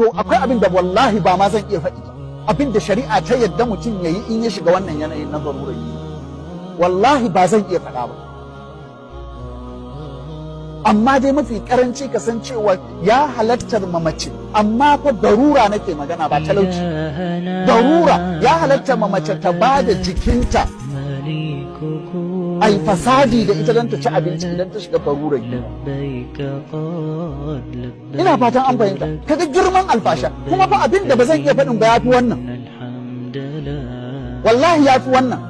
to akwai abin da wallahi ba ma zan iya faɗi abin da shari'a ta yadda mutum ya yi in ya shiga wannan yanayin na zarurai wallahi ba zan iya faɗa ba amma dai mafi karanci ka san cewa ya halattar mamaci amma fa darura nake magana ba talauci darura ya halattar mamaci ta ba da jikinta ai fasadi da ita don ta ci abinci idan ta shiga farura gida ina fatan an fahimta kaga girman alfasha kuma fa abin da ba zan iya faɗin ba ya fi wannan wallahi ya fi wannan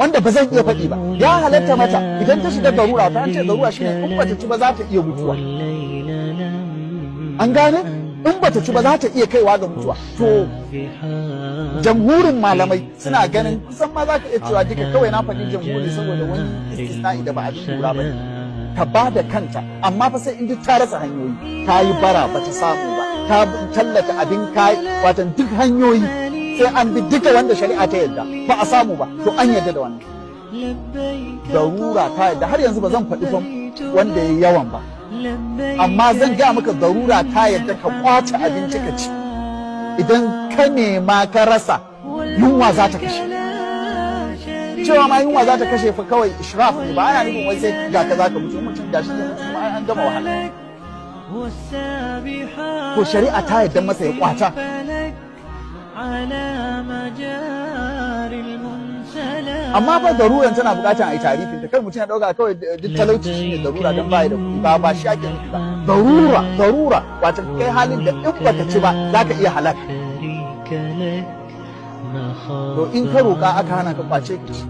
wanda ba zan iya faɗi ba ya halatta mata idan ta shiga garura ta ce garura shi ne kuma ta ci ba za ta iya mutuwa an gane in bata ci ba za ta iya kaiwa ga mutuwa to jamhurin malamai suna ganin kusan ma za ka iya cewa duka kawai na faɗi jamhuri saboda wani istisna'i da ba abin lura ba ta ba da kanta amma fa sai in duk ta rasa hanyoyi ta yi bara ba ta samu ba ta tallata abin kai watan duk hanyoyi sai an bi duka wanda shari'a ta yarda ba a samu ba to an yarda da wannan darura ta yarda har yanzu ba zan faɗi wanda ya yawan ba amma zan ga maka zarura ta yadda ka kwace abinci ka ci idan ka nema ka rasa yunwa za ta kashe cewa ma yunwa za ta kashe fa kawai israf ne ba ana nufin wai sai ga ka za ka mutu mutum gashi ne mutu ma an gama wahala ko shari'a ta yadda masa ya kwata amma ba daruran tana bukatar a yi tarifin ta kar mutum ya dauka kawai duk talauci shine darura dan bai da kuɗi ba ba shi ake nufi ba darura darura wato kai halin da in baka ci ba zaka iya halaka to in ka roƙa aka hana ka kwace ka ci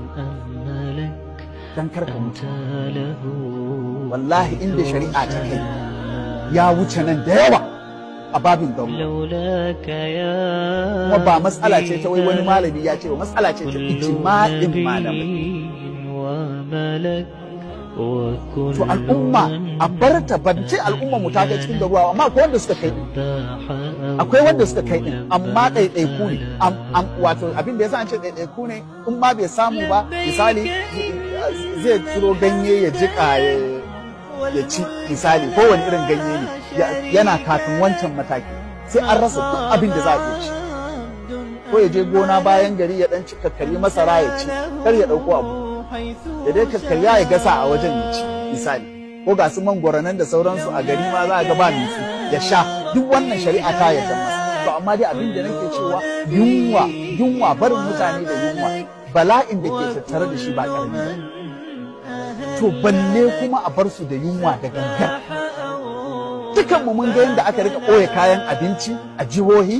dan kar ka wallahi inda shari'a ta kai ya wuce nan da yawa a babin don kuma ba matsala ce ta wai wani malami ya ce ba matsala ce ta ijma'in malamai to al'umma a barta ban ce al'umma mu ta kai cikin garuwa amma akwai wanda suka kai akwai wanda suka kai din amma ɗaiɗaiku ne wato abin da ya sa an ce ɗaiɗaiku ne in ma bai samu ba misali zai tsiro ganye ya jiƙa ya ya ci misali kowane irin ganye ne yana kafin wancan mataki sai an rasa duk abin da za a ci ko ya je gona bayan gari ya dan ci masara ya ci kar ya dauko abu ya dai kakkarya ya gasa a wajen ya ci misali ko ga su mangwara nan da sauransu a gari ma za a ga ba su, ya sha duk wannan shari'a ta yarda masa to amma dai abin da nake cewa yunwa yunwa barin mutane da yunwa bala'in da ke tattare da shi ba ƙarami ba to balle kuma a bar su da yunwa da gangan dukan mu mun ga yadda aka rika ɓoye kayan abinci a jihohi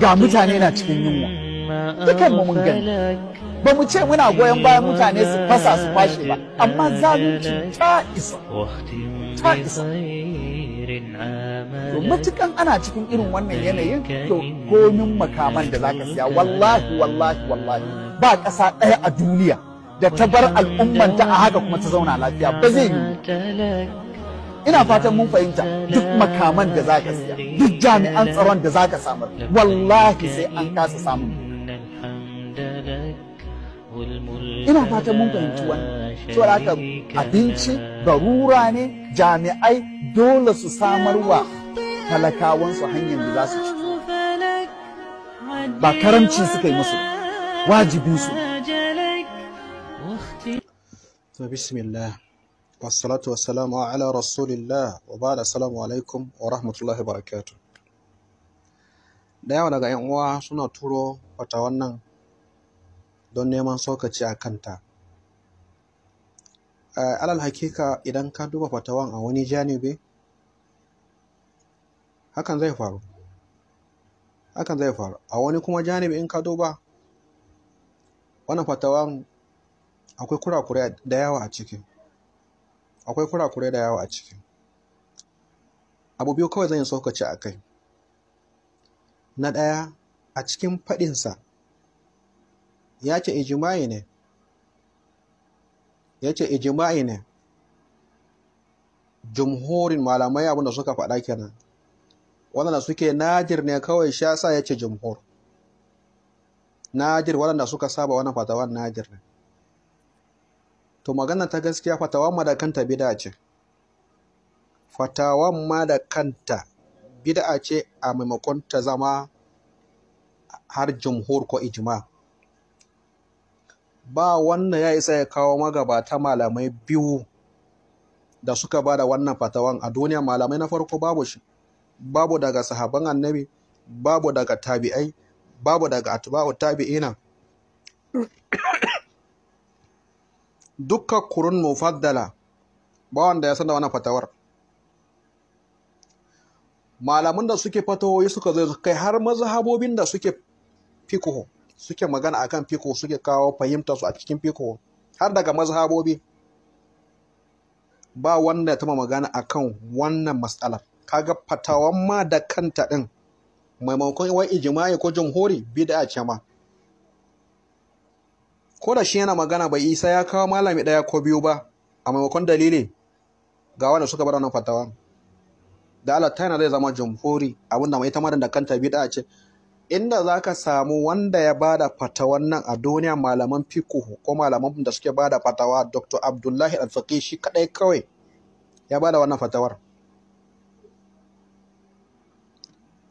ga mutane na cikin yunwa dukan mu mun ga ba mu ce muna goyon bayan mutane su fasa su fashe ba amma zalunci ta isa ta isa to matukan ana cikin irin wannan yanayin to komin makaman da zaka siya wallahi wallahi wallahi ba ƙasa ɗaya a duniya da ta bar al'ummanta a haka kuma ta zauna lafiya ba zai yi ina fatan mun fahimta duk makaman da za ka siya duk jami'an tsaron da za ka samar wallahi sai an kasa samun ina fatan mun fahimci wannan saboda haka abinci rura ne jami'ai dole su samar wa talakawansu hanyar da za su ci ba karamci suka yi musu wajibinsu to bismillah wassalatu wassalamu ala rasulillah wa ba da salamu alaikum wa rahmatullahi barakatu da yawa daga yan uwa suna turo wata wannan don neman sokaci a kanta eh, alal hakika idan ka duba fatawan a wani janibe hakan zai faru hakan zai faru a wani kuma janibi in ka duba wannan fatawan akwai kurakurai da yawa a ciki akwai kurakurai da yawa a ciki abu biyu kawai zan yi tsokaci a kai na ɗaya a cikin faɗinsa ya ce ijima'i ne ya ce ijima'i ne jumhurin malamai abinda suka faɗa kenan waɗanda suke nadir ne kawai shi yasa ya ce jumhur nadir waɗanda suka saba wannan fatawan nadir ne to magana ta gaskiya fatawan ma da kanta bid'a ce fatawan ma da kanta bid'a ce a maimakon ta zama har jumhur ko ijma ba wannan ya isa ya kawo magabata malamai biyu da suka ba da wannan fatawan a duniya malamai na farko babu shi babu daga sahaban annabi babu daga tabi'ai babu daga atba'u tabi'ina dukka kurun mufaddala ba wanda ya san da wannan fatawar malaman da suke fatawoyi suka zai kai har mazhabobin da suke fiqh suke magana akan fiqh suke kawo fahimtar su a cikin fiqh har daga mazhabobi ba wanda ya taba magana akan wannan matsalar kaga fatawan ma da kanta din maimakon wai ijma'i ko jamhuri bid'a ce ma ko da shi yana magana bai isa ya kawo malami ɗaya ko biyu ba a maimakon dalili ga wanda suka bar wannan fatawa da Allah ta yana zai zama jamhuri abinda mai ta da kanta da ce inda za ka samu wanda ya bada fatawan nan a duniya malaman fiqhu ko malaman da suke bada fatawa Dr. Abdullahi al faqi shi kadai kawai ya bada wannan fatawar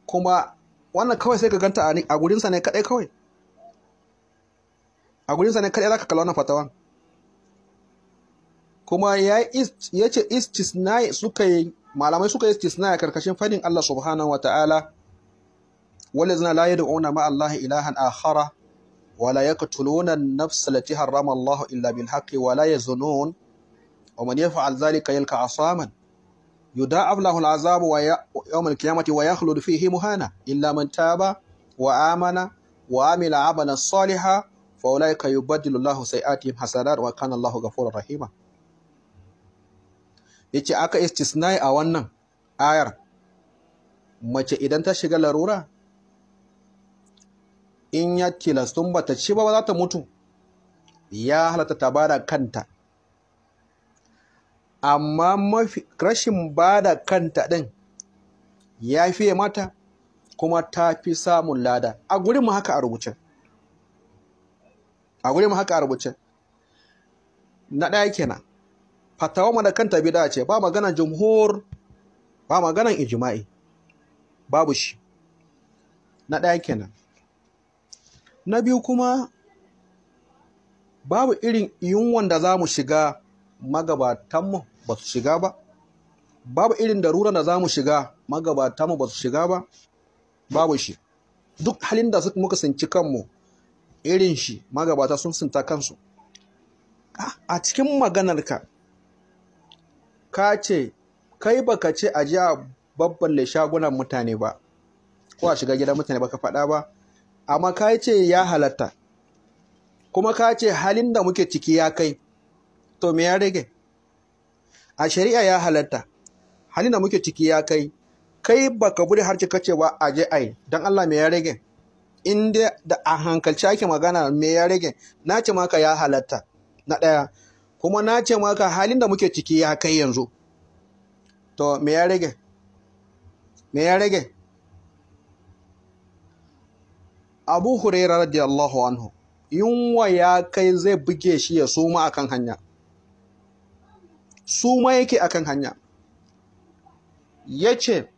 kuma wannan kawai sai ka ganta a gurinsa ne kadai kawai a gurinsa ne kaɗai za ka kalla wannan fatawan kuma ya ce suka yi malamai suka yi istisna a karkashin fadin Allah subhanahu wata'ala wale zina la yadda ona ma Allah ilahan akhara wala ya katuluna nafsa lati harama Allah illa bil haqi wala ya zunun wa man yafa'al zalika yalka asaman yuda'af lahu al'azabu wa yawm al-qiyamati wa yakhlud fihi muhana Ila man taba wa amana wa amila abana Saliha. Faulai fa ulaika yubaddilu sai ati hasanat wa kana Allahu ghafurur rahima ce aka istisnai a wannan ayar mace idan ta shiga larura in ya tilastun bata ci ba za ta mutu ya halatta ta bada kanta amma mafi rashin bada kanta din ya fiye mata kuma ta fi samun lada a gurinmu mu haka a rubuce a gurin haka a rubuce na ɗaya kenan fatawa mana kanta bid'a ce ba maganan jumhur ba maganan ijma'i babu shi na ɗaya kenan na biyu kuma babu irin yunwan da za mu shiga magabatanmu ba su shiga ba babu irin daruran da za mu shiga magabatanmu ba su shiga ba babu shi duk halin da muka sinci kanmu irin shi magabata sun sunta kansu a cikin maganarka ka ce kai baka ce a jiya da shagunan mutane ba ko a shiga gidan mutane baka faɗa ba amma ka ce ya halatta kuma ka ce halin da muke ciki ya kai to me ya rage a shari'a ya halatta halin da muke ciki ya kai kai baka bude har ce ba a je ai don Allah me ya rage in dai da a hankalci ake magana me ya rage na ce maka ya halatta na ɗaya kuma na ce maka halin da muke ciki ya kai yanzu to me ya rage me ya rage abu huraira radiyallahu anhu yunwa ya kai zai buge shi ya suma akan hanya suma yake akan hanya ya ce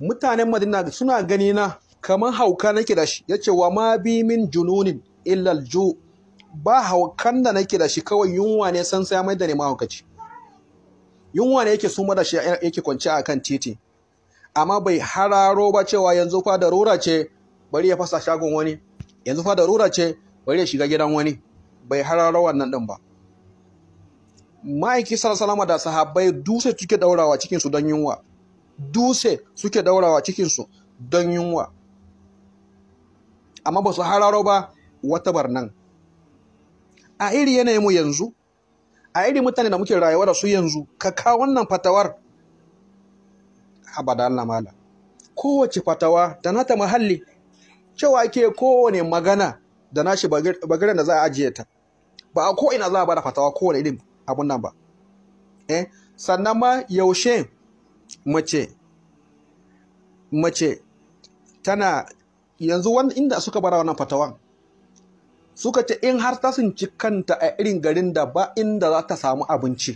mutanen madina suna gani na kamar hauka nake da shi yace wa ma bi min jununin illal ju ba haukan da nake da shi kawai yunwa ne san sai mai da ne mahaukaci yunwa ne yake suma da shi yake kwance a kan titi amma bai hararo ba cewa yanzu fa da rura ce bari ya fasa shagon wani yanzu fa da rura ce bari ya shiga gidan wani bai hararo wannan din ba ma'aiki salama da sahabbai dutse suke daurawa cikinsu don yunwa dutse suke daurawa cikinsu don yunwa amma ba su hararo ba wata barnan a iri yanayin mu yanzu a iri mutane da muke rayuwa da su yanzu ka kawo wannan fatawar abada Allah mala kowace fatawa da nata mahalli cewa ke kowane magana da nashi bagaren da za a ajiye ta ba a ko za a bada fatawa kowane irin abun nan ba eh sannan ma yaushe mace mace tana yanzu wanda inda suka bara wannan fatawan suka ce in har ta sinci kanta a irin garin da ba inda za ta samu abinci